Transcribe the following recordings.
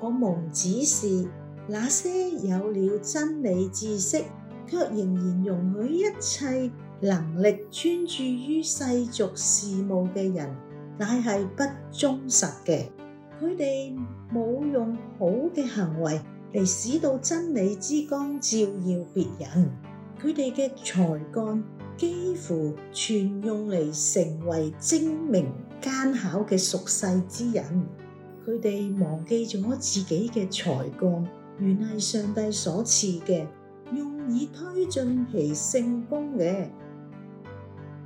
我無指是那些有了真理知識，卻仍然容許一切能力專注於世俗事務嘅人，乃係不忠實嘅。佢哋冇用好嘅行為嚟使到真理之光照耀別人，佢哋嘅才幹幾乎全用嚟成為精明奸巧嘅俗世之人。佢哋忘記咗自己嘅才幹，原係上帝所賜嘅，用以推進其聖工嘅。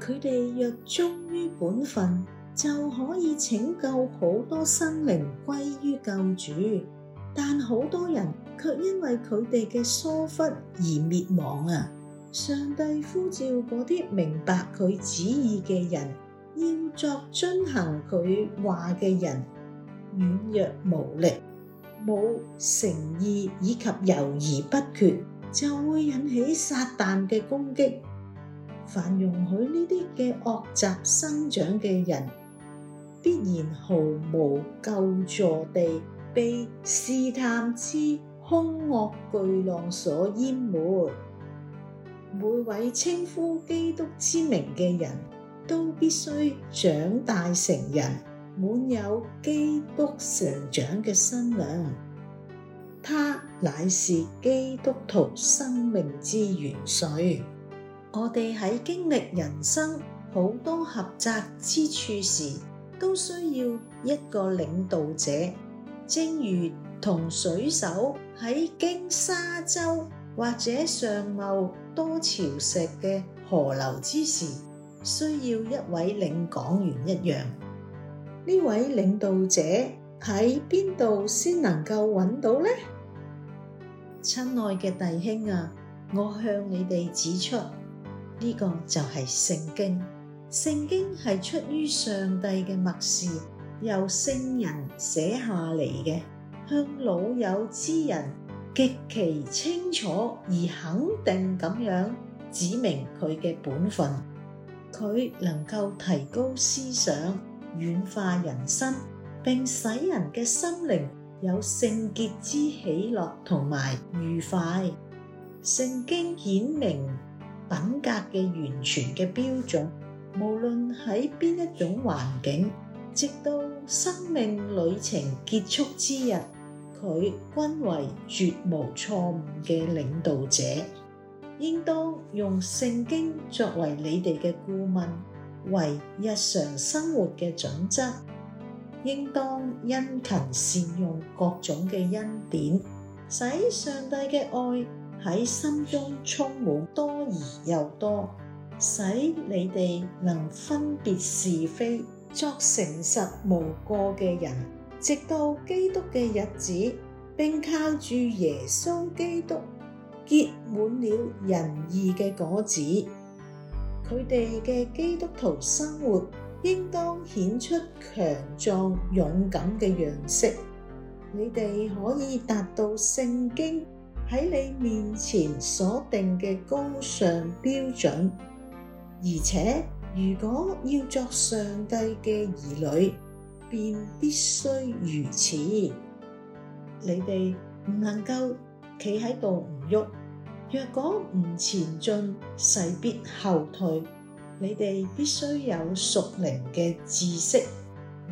佢哋若忠於本分，就可以拯救好多生靈歸於救主。但好多人卻因為佢哋嘅疏忽而滅亡啊！上帝呼召嗰啲明白佢旨意嘅人，要作遵行佢話嘅人。軟弱無力、冇誠意以及猶豫不決，就會引起撒旦嘅攻擊。凡容許呢啲嘅惡習生長嘅人，必然毫無救助地被試探之凶惡巨浪所淹沒。每位稱呼基督之名嘅人都必須長大成人。滿有基督成長嘅新娘，她乃是基督徒生命之元首。 我哋喺經歷人生好多狹窄之處時，都需要一個領導者，正如同水手喺經沙洲或者上茂多潮石嘅河流之時，需要一位領港員一樣。呢位領導者喺邊度先能夠揾到呢？親愛嘅弟兄啊，我向你哋指出，呢個就係聖經。聖經係出於上帝嘅默示，由聖人寫下嚟嘅，向老友之人極其清楚而肯定咁樣指明佢嘅本分。佢能夠提高思想。軟化人心，並使人嘅心靈有聖潔之喜樂同埋愉快。聖經顯明品格嘅完全嘅標準，無論喺邊一種環境，直到生命旅程結束之日，佢均為絕無錯誤嘅領導者。應當用聖經作為你哋嘅顧問。為日常生活嘅準則，應當殷勤善用各種嘅恩典，使上帝嘅愛喺心中充滿多而又多，使你哋能分別是非，作誠實無過嘅人，直到基督嘅日子，並靠住耶穌基督，結滿了仁義嘅果子。佢哋嘅基督徒生活，應當顯出強壯勇敢嘅樣式。你哋可以達到聖經喺你面前所定嘅高尚標準，而且如果要作上帝嘅兒女，便必須如此。你哋唔能夠企喺度唔喐。若果唔前進，勢必後退。你哋必須有屬靈嘅知識，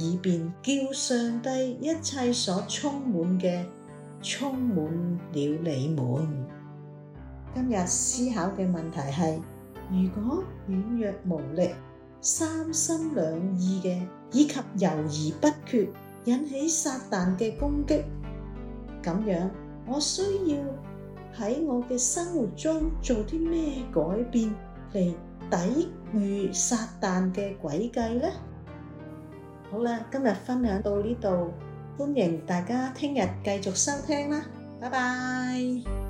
以便叫上帝一切所充滿嘅充滿了你們。今日思考嘅問題係：如果軟弱無力、三心兩意嘅，以及猶豫不決，引起撒但嘅攻擊，咁樣我需要。喺我嘅生活中做啲咩改變嚟抵禦撒但嘅詭計呢？好啦，今日分享到呢度，歡迎大家聽日繼續收聽啦，拜拜。